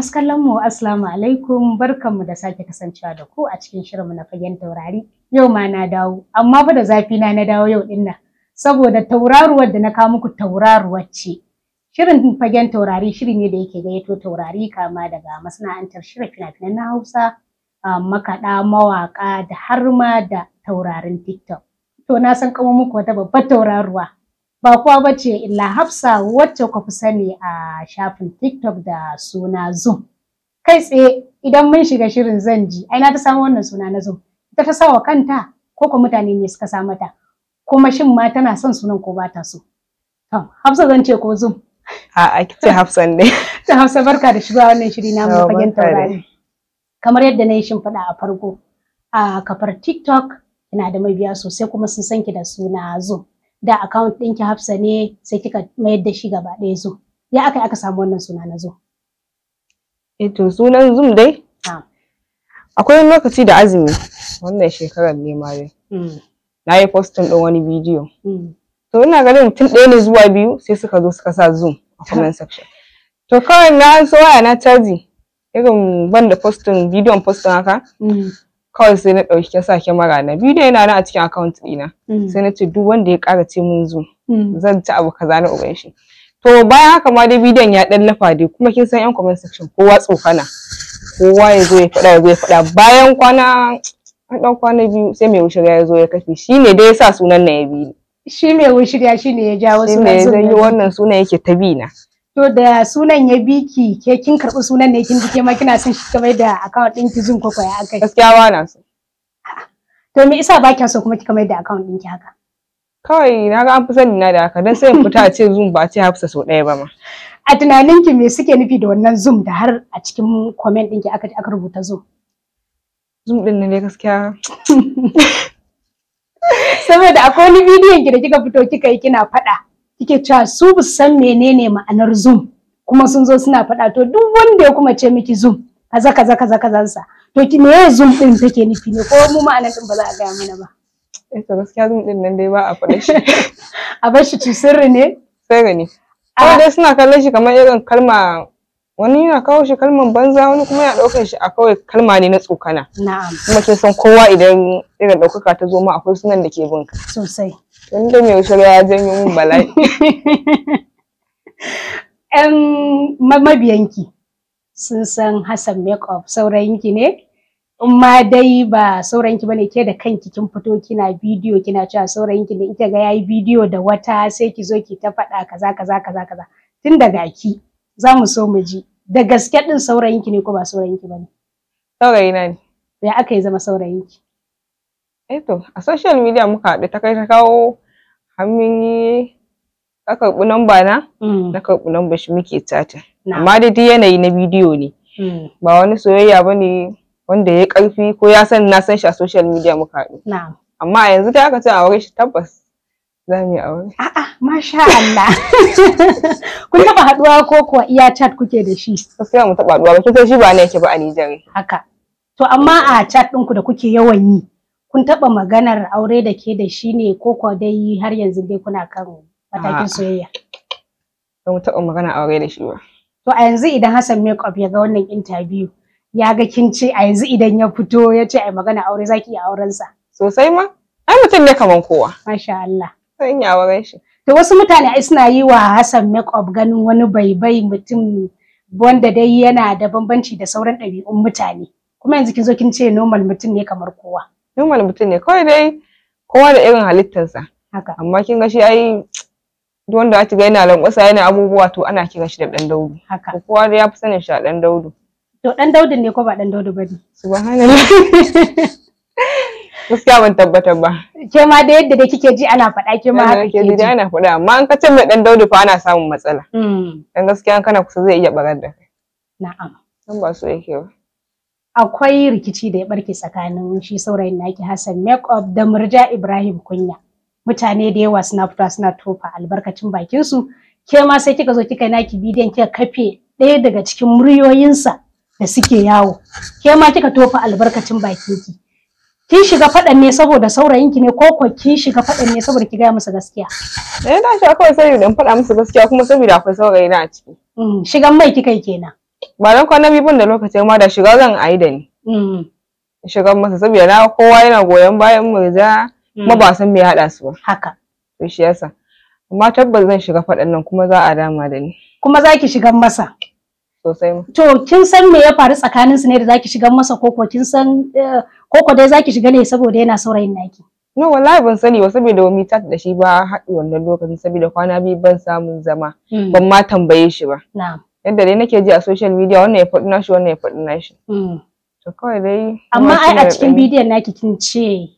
Masu kallon mu assalamu alaikum barkanmu da sake kasancewa da ku a cikin shirinmu na fagen taurari. Yau ma na dawo, amma fa da zafi na na dawo yau dinnan saboda tauraruwar da na kawo muku tauraruwar ce. Shirin fagen taurari shiri ne da yake gayyato taurari kama daga masana'antar shirin fina-finan na Hausa, ah, makaɗa, mawaƙa da har ma da taurarin TikTok. To na san kawo muku wata babbar tauraruwa ba kuwa bace ce illa hafsa wacce ku fi sani a shafin tiktok da suna zoom kai tsaye idan mun shiga shirin zan ji aina ta samu wannan suna na zoom ita ta sawa kanta ko ko mutane ne suka sa mata kuma shin ma tana son sunan ko ba ta so hafsa zan ce ko zoom a'a ce Hafsa ne ta hafsa barka da shiga wannan shiri na mun fagen taurari kamar yadda na yi shimfiɗa a farko a kafar tiktok ina da mabiya sosai kuma sun san ki da suna zoom da account ɗinki Hafsa ne sai kika mayar da shi gaba ɗaya zo. Ya aka aka samu wannan suna na zo. Eh to sunan zum dai? Ah. Akwai lokaci da azumi wannan shekarar ne ma dai. Hmm. Na yi postin ɗin wani bidiyo. Hmm. To ina ganin mutum ɗaya ne zuwa biyu sai suka zo suka sa zoom a comment section. To kawai na so waya na caji irin ban da postin bidiyon postin haka. Hmm. kawai sai na ɗauki ya sa kyamara na bidiyo yana nan a cikin akawunt ɗina mm. sai na ce duk wanda ya ƙara ce mun zo mm. zan ci abu kaza na uban shi to bayan haka ma dai bidiyon ya ɗan lafa dai kuma kin san yan comment section kowa tsokana kowa ya zo ya faɗa ya zo ya faɗa bayan kwana an ɗan kwana biyu sai mai wushirya ya zo ya kafe shi ne dai ya sa sunan na ya bi shi mai wushirya shi ne ya jawo sunan shi wannan sunan yake ta bi na To da sunan ya bi ki ke kin karɓi sunan ne kin ji ke ma kina son shi kamar da account din ki Zoom ko ko ya akai. Gaskiya ba na so. To me isa ba kin so kuma ki kamar da account din ki haka? Kawai na ga an fi sani na da haka dan sai in fita a ce Zoom ba ce Hafsa so ɗaya ba ma. A tunanin ki me suke nufi da wannan Zoom da har a cikin comment din ki aka aka rubuta Zoom? Zoom din ne gaskiya. Saboda akwai wani bidiyon ki da kika fito kika yi kina faɗa. kike cewa su bu san menene ma'anar zoom kuma sun zo suna faɗa to duk wanda ya kuma ce miki zoom kaza kaza kaza sa to ki me zoom din take nufi ne ko mu ma'anar din ba za a gaya mana ba eh to gaskiya zoom din nan dai ba a faɗa shi a bar shi ci sirri ne sirri ne amma dai suna kallon shi kamar irin kalma wani yana kawo shi kalman banza wani kuma yana ɗaukar shi a kawai kalma ne na tsokana na'am kuma ke san kowa idan irin ɗaukaka ta zo ma akwai sunan da ke bin sosai Hindi da mai shirya ya janyo mun bala'i yan mabiyanki sun san hassan makeup ki ne in ma dai ba saurayinki bane ke da kanki kin fito kina bidiyo kina cewa ki ne kika ga yayi bidiyo da wata sai ki zo ki ta faɗa kaza kaza kaza kaza tun daga ki za mu so mu ji da gaske din ki ne ko ba saurayin bane saurayina ne ya aka yi zama ki. eto eh a social media muka haɗu ta kai ta kawo hannun yi ka karɓi namba na mm. na karɓi namba shi muke tata. Amma dai duk yanayi na bidiyo ne. Mm. Ba wani soyayya ba ne wanda ya ƙarfi ko ya san na san shi a social media muka haɗu. Amma yanzu ta aka ce aure shi tabbas za mu yi aure. A'a masha Allah. Kun taɓa haɗuwa ko kuwa iya chat kuke da shi? Gaskiya mu taɓa haɗuwa ba kin san shi ba ne yake ba a Nijar. Haka. To amma a chat ɗinku da kuke yawan yi kun taɓa maganar aure da ke da shi ne ko ko dai har yanzu dai kuna kan matakin soyayya ba mu taɓa magana aure da shi ba to a yanzu idan Hassan Makeup ya ga wannan interview ya ga kin ce a yanzu idan ya fito ya ce ai magana aure zaki iya auren sa sosai ma ai mutum ne kaman kowa masha Allah Sai iya auren shi to wasu mutane ai suna yi wa Hassan Makeup ganin wani baibai mutum wanda dai yana da bambanci da sauran ɗabi'un mutane kuma yanzu kin zo kin ce normal mutum ne kamar kowa human mutum ne kawai dai kowa da irin halittarsa haka amma kin ga shi ai duk wanda aka ga yana lankwasa yana abubuwa to ana kira shi da dan daudu haka kowa da ya fi sanin shi a dan daudu to dan daudu ne ko ba dan daudu bane subhanallah gaskiya ban tabbatar ba ke ma da yadda da kike ji ana faɗa ke ma haka ke ji ana faɗa amma an ka ce mai dan daudu fa ana samun matsala hmm. dan gaskiya kana kusa zai iya barar da kai na'am ba so yake ba akwai rikici da ya barke tsakanin shi saurayin naki Hassan up da Murja Ibrahim Kunya. Mutane da yawa suna fita suna tofa albarkacin bakin su. Ke ma sai kika zo kika naki bidiyon kika kafe ɗaya daga cikin muryoyinsa da suke yawo. Ke ma kika tofa albarkacin bakin ki. Kin shiga faɗan ne saboda saurayin ki ne ko ko kin shiga faɗan ne saboda ki gaya musu gaskiya. Eh na shi akwai sai in faɗa musu gaskiya kuma saboda akwai saurayi na a ciki. Mm, shigan mai kika kenan. ba don kwana biyu ban da lokacin ma da shiga zan ayi da ni mm. Shigan masa saboda na kowa yana goyon bayan da kuma mm. ba san me ya haɗa su ba haka to shi yasa amma tabbas zan shiga faɗan nan kuma za a dama da ni kuma za ki shigan masa sosai to kin san me ya faru tsakanin su ne da zaki shigan masa ko kin san eh, ko dai zaki shiga ne saboda yana saurayin naki no wallahi ban sani ba saboda wani chat da shi ba haɗi wannan lokacin saboda kwana biyu ban samun zama mm. ban ma tambaye shi ba na'am yadda dai nake ji a social media wannan ya faɗi nashi wannan ya faɗi nashi hmm. to kawai dai amma ai a cikin bidiyon naki kin ce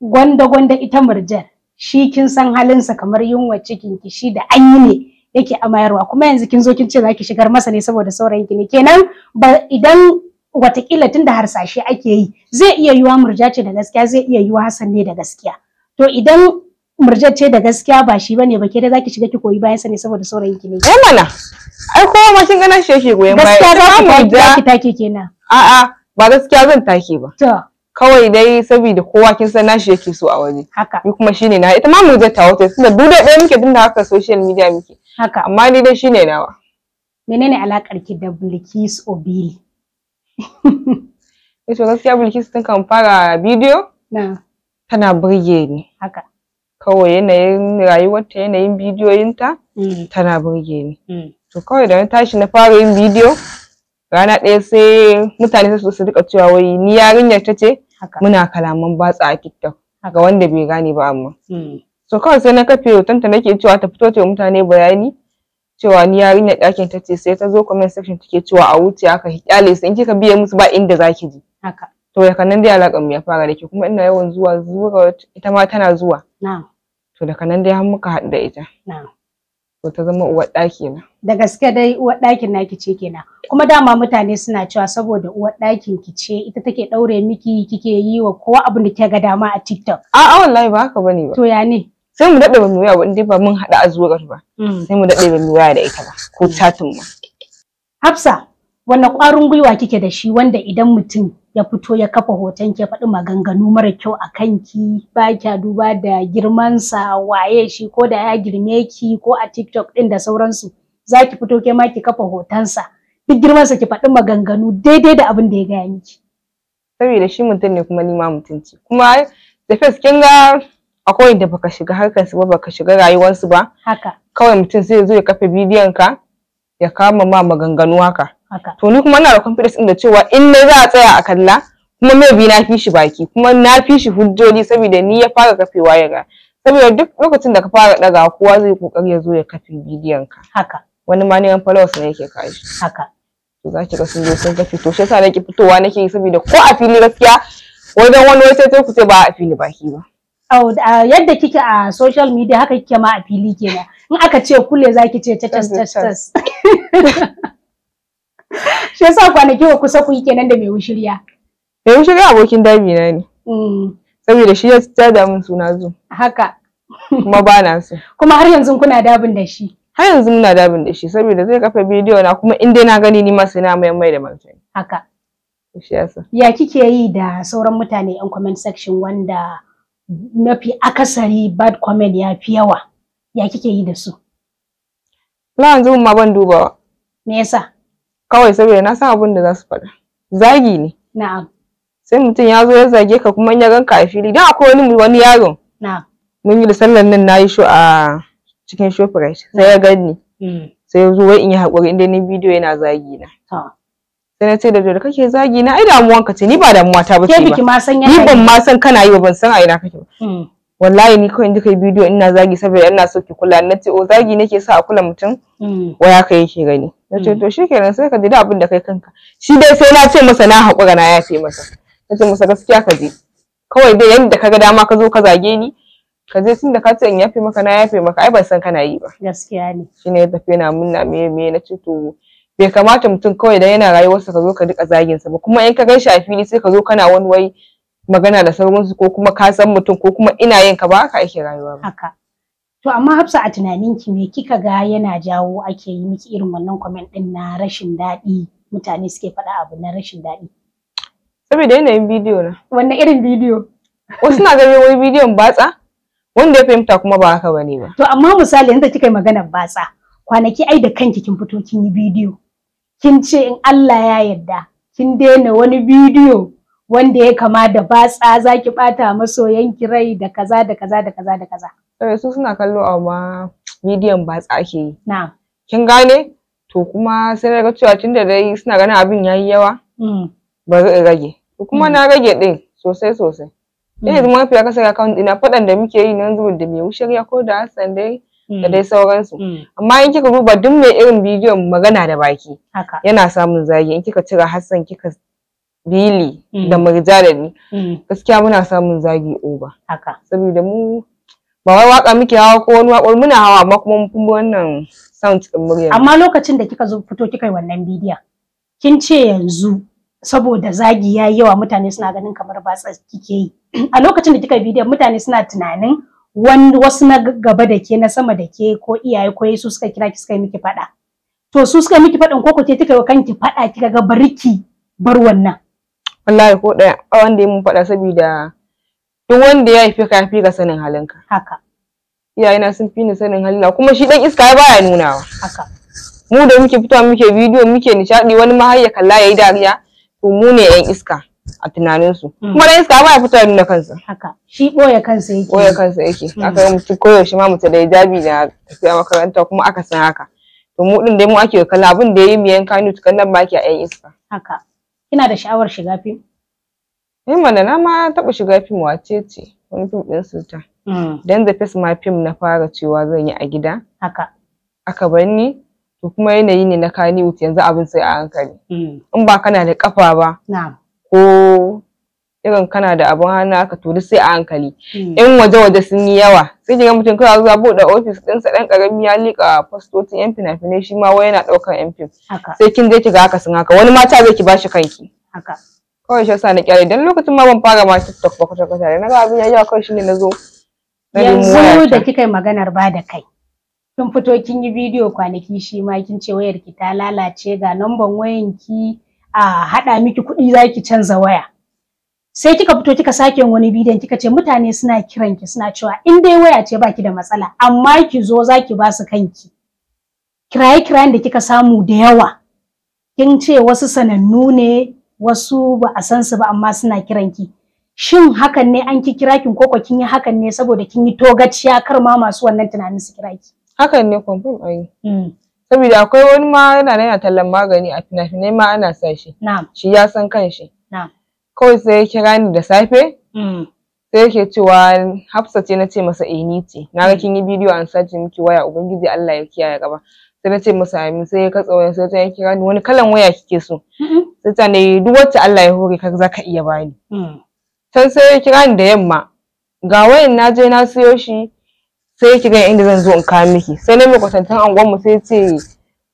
gwanda gwanda ita murjan shi kin san halinsa kamar yunwa cikin ki shi da an ne yake amayarwa kuma yanzu kin zo kin ce za ki shigar masa ne saboda saurayin ki ne kenan ba idan watakila tun da harsashe ake yi zai iya yiwa murja ce da gaskiya zai iya yiwa hasan ne da gaskiya to idan ce da gaskiya ba shi bane ba ke da zaki shiga ki koyi bayan sa ne saboda saurayin ki ne eh mana ai ko ma kin gana shi yake goyen baya gaskiya za ki take kenan a'a ba gaskiya zan take ba to kawai dai saboda kowa kin san nashi yake so a waje haka ni kuma shine na ita ma mu zai tawo ta tunda duk da ɗaya muke dinda haka social media muke haka amma ni dai shine nawa menene alakar ki da Bilkis Obili eh to gaskiya Bilkis tun kan fara bidiyo na tana burge ni haka kawai yanayin rayuwarta yanayin bidiyoyinta mm. tana burge ni mm. to kawai da na tashi na fara yin bidiyo rana ɗaya sai mutane su su rika cewa wai ni yarinyar ta ce muna kalaman batsa a tiktok ga wanda bai gane ba amma mm. so kawai sai na kafe ta nake cewa ta fito ta mutane bayani cewa ni yarinyar ɗakin ta ce sai ta zo comment section take cewa a wuce aka kyale su in kika biye musu ba inda zaki je to ya kanan dai alakan mu ya fara da ke kuma ina yawan zuwa zuwa ita ma tana zuwa to daga nan dai har muka haɗu da ita to ta zama uwar ɗaki na da gaske dai uwar ɗakin naki ce kenan kuma dama mutane suna cewa saboda uwar ɗakin ki ce ita take ɗaure miki kike yi wa kowa abin da kika ga dama a TikTok a'a wallahi ba haka bane ba to ya ne sai mu daɗe ba mu waya ba ba mun haɗa azuwar ba mm. sai mu daɗe ba mu waya da ita ba ko mm. chatin ma Hafsa wanda ƙwarin gwiwa kike da shi wanda idan mutum ya fito ya kafa hoton ke faɗi maganganu mara kyau a kanki ba kya duba da girmansa waye shi ko da ya girme ki ko a tiktok ɗin da sauransu za ki fito ke ma ki kafa hotonsa duk girmansa ki faɗi maganganu daidai da abin da ya gaya miki. saboda shi mutum ne kuma nima mutunci kuma da fes kin ga akwai da baka shiga harkarsu ba baka shiga rayuwarsu ba haka kawai mutum sai ya zo ya kafa bidiyon ka ya kama ma maganganu haka to ni kuma ina da confidence din da cewa in dai za a tsaya a kalla kuma bi na fi shi baki kuma na fi shi hujjoji saboda ni ya fara kafewa ya ga saboda duk lokacin da ka fara daga kowa zai kokari ya zo ya kafe bidiyon ka haka wani ma neman followers ne yake kai shi haka to za ki ga sun zo sun kafe to shi yasa nake fitowa nake saboda ko a fili gaskiya wajen wani wai sai ku sai ba a fili baki ba yadda kike a social media haka kike ma a fili kenan in aka ce kule zaki ce tas tas Shi yasa kwanaki wa kusa ku yi kenan da mai wushirya. Eh, mai wushirya abokin dabi na ne. Mm. Saboda shi ya da min suna zu. Haka. Kuma ba na so. Kuma har yanzu kuna dabin da shi. Har yanzu muna dabin da shi saboda zai kafa bidiyo na kuma in dai na gani ni ma sai na mai mai da martani. Haka. Shi yasa. Ya kike yi da sauran mutane yan comment section wanda mafi akasari bad comment ya fi yawa. Ya kike yi da su? Na yanzu ma ban dubawa. Me yasa? kawai saboda na san abin da za su faɗa zagi ne sai mutum ya zo ya zage ka kuma ya ganka a fili dan akwai wani wani yaro na'am mun yi da sallan nan nayi sho a cikin shoprite sai ya gani mm. sai ya zo wai in yi haƙuri inda ni bidiyo yana zagi na sai na ce da da kake zagi na ai damuwan ka ce ni ba damuwa ta bace ba ni ban ma san kana yi ba ban san a ina kake ba mm. wallahi ni kawai inda kai bidiyo ina zagi saboda ina so ki kula na ce o oh, zagi nake sa a kula mutum mm. waya ka yake gani na ce mm. to shi kenan sai ka ji da abin da kai kanka shi dai sai na ce masa na haƙura na yafe masa na ce masa gaskiya ka je kawai dai yadda ka ga dama ka zo ka zage ni ka je tun da ka ce in yafe maka na yafe maka ai ban san kana yi ba gaskiya ne ne ya tafi na munna me me na ce to bai kamata mutum kawai da yana rayuwarsa ka zo ka duka zagin sa ba kuma in ka gan shi a fili sai ka zo kana wani wai magana da sauransu ko kuma ka san mutum ko kuma ina yin ka ba haka ake rayuwa ba haka To amma Hafsa a tunaninki me kika ga yana jawo ake yi miki irin wannan comment din na rashin daɗi mutane suke faɗa abu na rashin daɗi. Saboda yanayin bidiyo na. Wanne irin bidiyo? Wasu na ganin wani bidiyon batsa wanda ya fahimta kuma ba haka bane ba. To amma misali yanzu kika yi maganar batsa kwanaki ai da kanki kin fito kin yi bidiyo. Kin ce in Allah ya yarda kin daina wani bidiyo wanda ya kama da batsa za ki bata yanki rai da kaza da kaza da kaza da kaza. Eh su suna kallo a ma bidiyon batsa ake yi. Kin gane? To kuma sai ga cewa tunda dai suna ganin abin yayi yawa. Mm. Bari in rage. To kuma mm. na rage din sosai sosai. Mm. Ina yanzu mafi ya kasa account ina faɗan da muke yi nan zuwa da me mai ya ko da Hassan dai da mm. dai sauransu. Amma in kika duba duk mai irin bidiyon magana da baki. Yana samun zagi in kika cira Hassan kika bili mm. da murja da ni mm. gaskiya muna samun zagi oba haka saboda mu ba wai waka muke hawa ko wani waƙar muna hawa amma kuma mun wannan sound din murya amma lokacin da kika zo fito kika yi wannan bidiyon kin ce yanzu saboda zagi ya yi yawa mutane suna ganin kamar ba kike yi a lokacin da kika yi bidiyon mutane suna tunanin wani wasu na gaba da ke na sama da ke ko iyaye ko yesu suka kira ki suka yi miki faɗa to su suka yi miki faɗin ko ku ce kika yi kanki faɗa kika ga bariki bar wannan wallahi ko ɗaya wanda ya mun faɗa saboda duk wanda ya haife ka fi sanin halinka haka iyayena sun fi ni sanin halinka kuma shi dan iska baya nunawa haka mu da muke fitowa muke bidiyo muke nishaɗi wani ma har ya kalla yayi dariya to mu ne yan iska a tunanin su mm. kuma dan iska baya fitowa nuna kansa haka shi boye kansa yake boye kansa yake mm. aka mutu koyaushe ma mutu da hijabi da tafiya makaranta kuma aka san haka to mu din dai mu ake kalla abin da yayi mu yanka ni tukan nan ba ki a yan iska haka Kina da sha'awar shiga fim? Ni eh mana na ma taɓa shiga fim wace ce wani fim ɗin sultan. Hmm. Dan the first ma fim na fara cewa zan yi a gida. Haka. Aka bar ni to kuma yanayi ne na kani yanzu abin sai a hankali. Hmm. In ba kana da kafa ba. Na'am. Ko irin kana da abun hannu aka to sai a hankali hmm. in waje waje sun yi yawa sai kiga mutum kawai zuwa buɗe ofis ɗinsa ɗan karami ya liƙa fastocin yan fina-finai shi ma wai yana ɗaukar yan fim sai kin je ga haka sun haka wani mata zai ki bashi kanki kawai shi yasa na kyale dan lokacin ma ban fara ma tiktok ba kwata kwata na ga abin ya yayi kawai shine na zo yanzu da kika maganar ba da kai Tun fito kin yi bidiyo kwanaki shi ma kin ce wayar ki ta lalace ga lamban wayan ki a haɗa miki kuɗi zaki canza waya sai kika fito kika sake wani bidiyon kika ce mutane suna kiran ki suna cewa in dai waya ce baki da matsala amma ki zo zaki ba su kanki kiraye kirayen da kika samu da yawa kin ce wasu sanannu ne wasu ba a san su ba amma suna kiran ki shin hakan ne an ki kira kin koko kin yi hakan ne saboda kin yi togaciya kar ma masu wannan tunanin su kira ki hakan ne confirm ai hmm. saboda akwai wani ma yana yana tallan magani a fina-finai ma ana sa shi shi ya san kanshi na'am kawai sai ya kira ni da safe mm. sai yake cewa hafsa ce na ce masa eh ce na ga mm. kin yi bidiyo an sace miki waya ubangiji Allah ya kiyaye gaba sai na ce masa amin sai ya katsa waya sai ta ya kira ni wani kalan waya kike so sai ta ne duk wacce Allah ya hore ka zaka iya bani mm. can sai ya kira ni da yamma ga wayan na je na siyo shi sai kira ga inda zan zo in kawo miki sai na mai kwatantan angon mu sai ce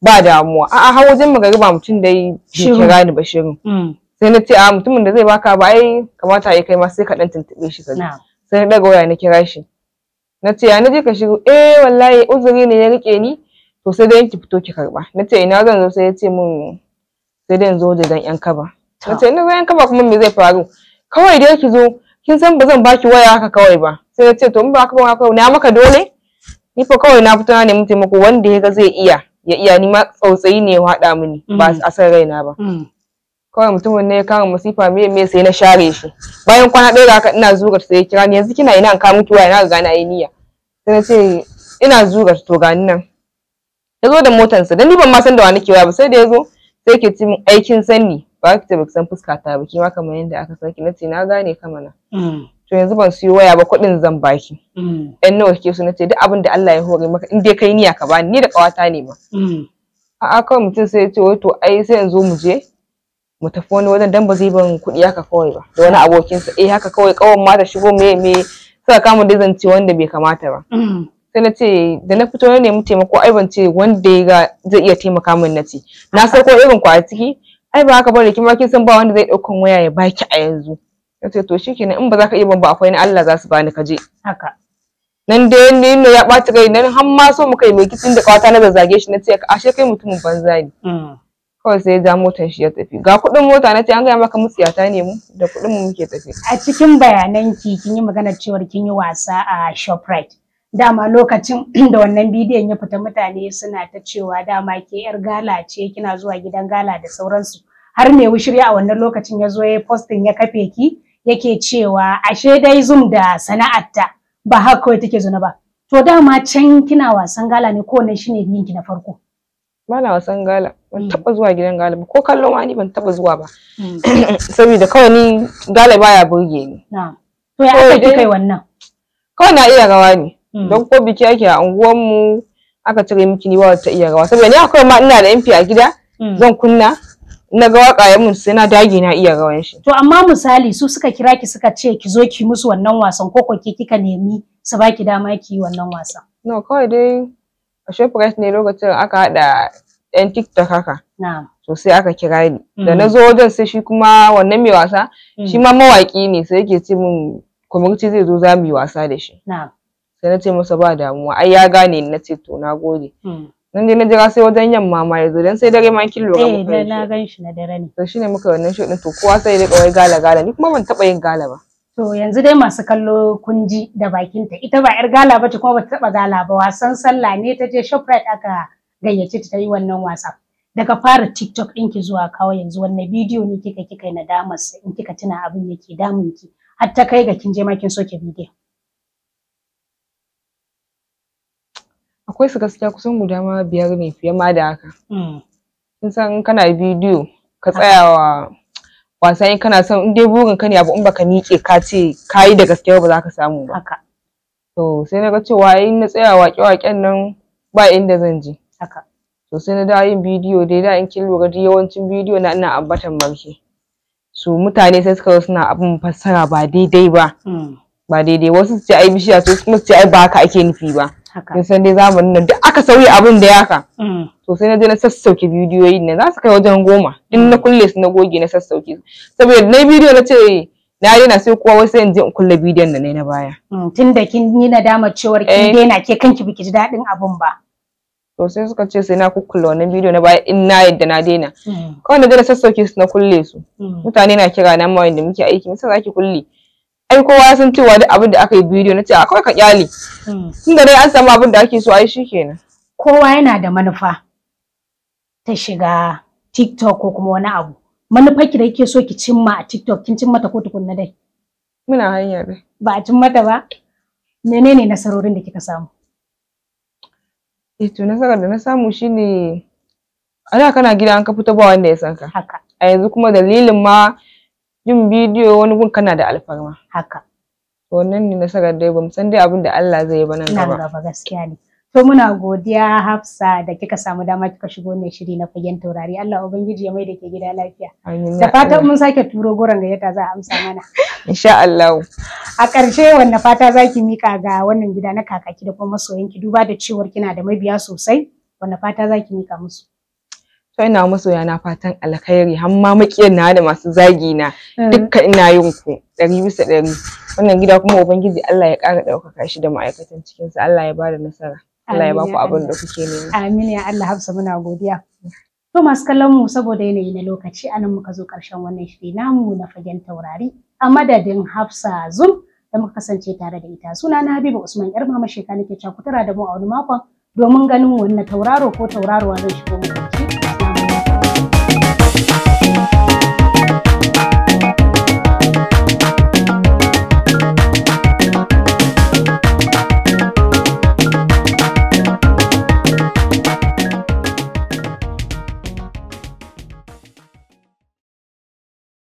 ba damuwa a'a har wajen magariba mutum da ya kira ni ba shirin sai na ce a ah, mutumin da zai baka ba ai kamata ya kai ma sai ka dan tuntube shi sai sai na daga waya na kira shi na ce ya naje ka shigo eh wallahi uzuri ne ya rike ni to sai dai ki fito ki karba na ce ina zan zo sai ya ce min sai dai zo da dan yan kaba na ce ina yan kaba kuma me zai faru kawai dai ki zo kin san ba zan baki waya haka kawai ba sai na ce to in ba haka ba haka na maka dole ni fa kawai na fito na nemi taimako wanda ya ga zai iya ya iya ni ma tsautsayi ne ya haɗa mini ba mm. a san raina ba mm. kawai mutumin ne ya kawo masifa mai mai sai na share shi bayan kwana ɗaya haka ina zugar sai ya kira ni yanzu kina ina kamun kawo ina ga na niyya sai na ce ina zugar to ga nan ya zo da motansa dan ni ban ma san da wa nake ba sai da ya zo sai ke cin aikin sanni ba ki ta san fuska ta ba ki ma kamar yadda aka saki na ce na gane ka mana mm. to yanzu ban siyo waya ba kuɗin zan baki ɗan mm. nawa ke so na ce duk abin da Allah ya hore maka in dai kai niyya ka bani ni da kawata ne ma mm. a'a kawai mutum sai ya ce wai to ai sai in mu je mu tafi wani wajen dan ba zai ban kuɗi haka kawai ba da wani abokinsa eh haka kawai kawan ma da shigo me me suka kama da zance wanda bai kamata ba mm. sai na ce da na fito na nemi taimako ai ban ce wanda ya ga zai iya taimaka min na ce na sarko irin ku a ciki ai ba haka bane kima kin san ba wanda zai ɗaukan waya ya baki a yanzu na ce to shikenan in ba za ka iya ban ba akwai ni Allah za su bani ka je haka nan da ni ne ya ɓaci gari nan har ma so mu kai mai kicin da kawata na zage shi na ce ashe kai mutumin banza ne mm. kawai sai ya ja shi ya tafi ga kuɗin mota na ce an gaya maka mutsiyata ne mu da kuɗin mu muke tafi a cikin bayanan ki kin yi magana cewar kin yi wasa a shoprite dama lokacin da wannan bidiyon ya fita mutane suna ta cewa dama ke yar gala ce kina zuwa gidan gala da sauransu har me wushirya a wannan lokacin ya zo ya postin ya kafe ki yake cewa ashe dai zum da sana'arta ba haka kawai take zuna ba to dama can kina wasan gala ne ko wannan shine biyin ki na farko bana wasan gala ban mm. taba zuwa gidan gala ko kallon wani ban taba zuwa ba mm. saboda kawai ni gala baya burge ni to ya aka ki kai wannan kawai na iya rawa ne mm. don ko biki ake a unguwar mu aka cire miki ni ba ta iya rawa saboda ni akwai ma ina da MP a gida zan kunna na ga wakayen mun sai na dage na iya rawan shi. To amma misali su suka kira ki suka ce ki zo ki musu wannan wasan ko ke kika nemi su baki dama ki wannan wasan. No kawai dai a shoprite ne lokacin aka haɗa yan tiktok haka to sai aka kira ni da mm-hmm. na zo wajen sai shi kuma wannan mai wasa mm-hmm. shi ma mawaƙi ne sai yake ce min kwamiti zai zo za mu yi wasa da shi sai na ce masa ba damuwa ai ya gane ni na ce to na gode mm. nan je na jira sai wajen yamma ma ya zo dan sai dare ma kin lura eh, mu kai shi na dare ne to shine muka wannan shi to kowa sai ya rika wai gala gala ni kuma ban taba yin gala ba To yanzu dai masu kallo kun ji da bakinta ita ba 'yar gala ba kuma bata taɓa gala ba wasan sallah ne ta je Shoprite aka gayyace ta yi wannan wasa. Daga fara TikTok ki zuwa kawo yanzu wannan bidiyo ne kika kika na damar in kika tuna abin yake damun ki har ta kai ga kin je ma kin soke bidiyo. Akwai su gaskiya kusan guda ma biyar ne fiye ma da haka. Hmm. Kin san kana bidiyo ka tsayawa wasa in kana son in dai burin ka ne abu in baka miƙe ka ce ka yi da gaske ba za ka samu ba haka to sai na ga cewa in na tsaya waƙe-waƙen nan ba inda zan je haka to sai na dawo yin bidiyo dai da in kin lura yawancin bidiyo na ina ambatan barshe su mutane sai suka zo suna abin fassara ba daidai ba hmm. ba daidai wasu su ce ai bishiya su kuma su ce ai ba haka ake nufi ba kin san dai zamanin nan duk aka sauya abin da yaka mm. to sai na je na sassauke bidiyoyin ne za su kai wajen goma din na kulle su na goge na sassauke saboda na bidiyo na ce na daina sai kowa wai sai in je in kulle bidiyon da na na baya mm, tun da kin yi nadamar cewar kin eh. daina ke kanki biki ji daɗin abin ba to sai suka ce sai na kukkula wannan bidiyo na baya in na yadda na daina mm. kawai na je na sassauke su na kulle su mutane na kira na ma wanda muke aiki musa ki kulle ai kowa san cewa duk abin da aka yi bidiyo na ce akwai ah, ka ka kyale hmm. da dai an samu abin da ake so ai shikenan kowa yana da manufa ta shiga TikTok ko kuma wani abu manufar ki da kike so ki cimma a TikTok kin cimma ta ko tukunna dai muna hanya dai ba a cimma ta ba menene nasarorin da kika samu eh to nasarar da na samu shine a da kana gida an ka fita ba wanda ya san ka haka a yanzu kuma dalilin ma yin bidiyo wani gun kana da alfarma haka wannan ne nasarar dai bamu san dai abin da Allah zai yi ba nan gaba nan gaba gaskiya ne to muna godiya Hafsa da kika samu dama kika shigo wannan shiri na fagen taurari Allah ubangiji ya mai da ke gida lafiya Amin. da fatan mun sake turo goron gayyata za a amsa mana insha Allah a ƙarshe wanne fata zaki mika ga wannan gida na kakaki da kuma masoyanki duba da cewar kina da mabiya sosai wanne fata zaki mika musu to ina masoya na fatan alkhairi har ma makiyan na da masu zagi na eh. dukkan ina yin ku ɗari bisa ɗari wannan gida kuma ubangiji Allah ya ƙara ɗaukaka shi da ma'aikatan cikin sa Allah ya ba da nasara Allah ya ba ku abin da kuke nema amin ya Allah hafsa muna godiya to masu kallon mu saboda yanayi na lokaci anan muka zo karshen wannan shiri namu na fagen taurari a madadin Hafsa Zum da muka kasance tare da ita. Suna na Habiba Usman yar mama shekara nake cakutara da mu a wani makon domin ganin wannan tauraro ko tauraruwa zai shigo mu.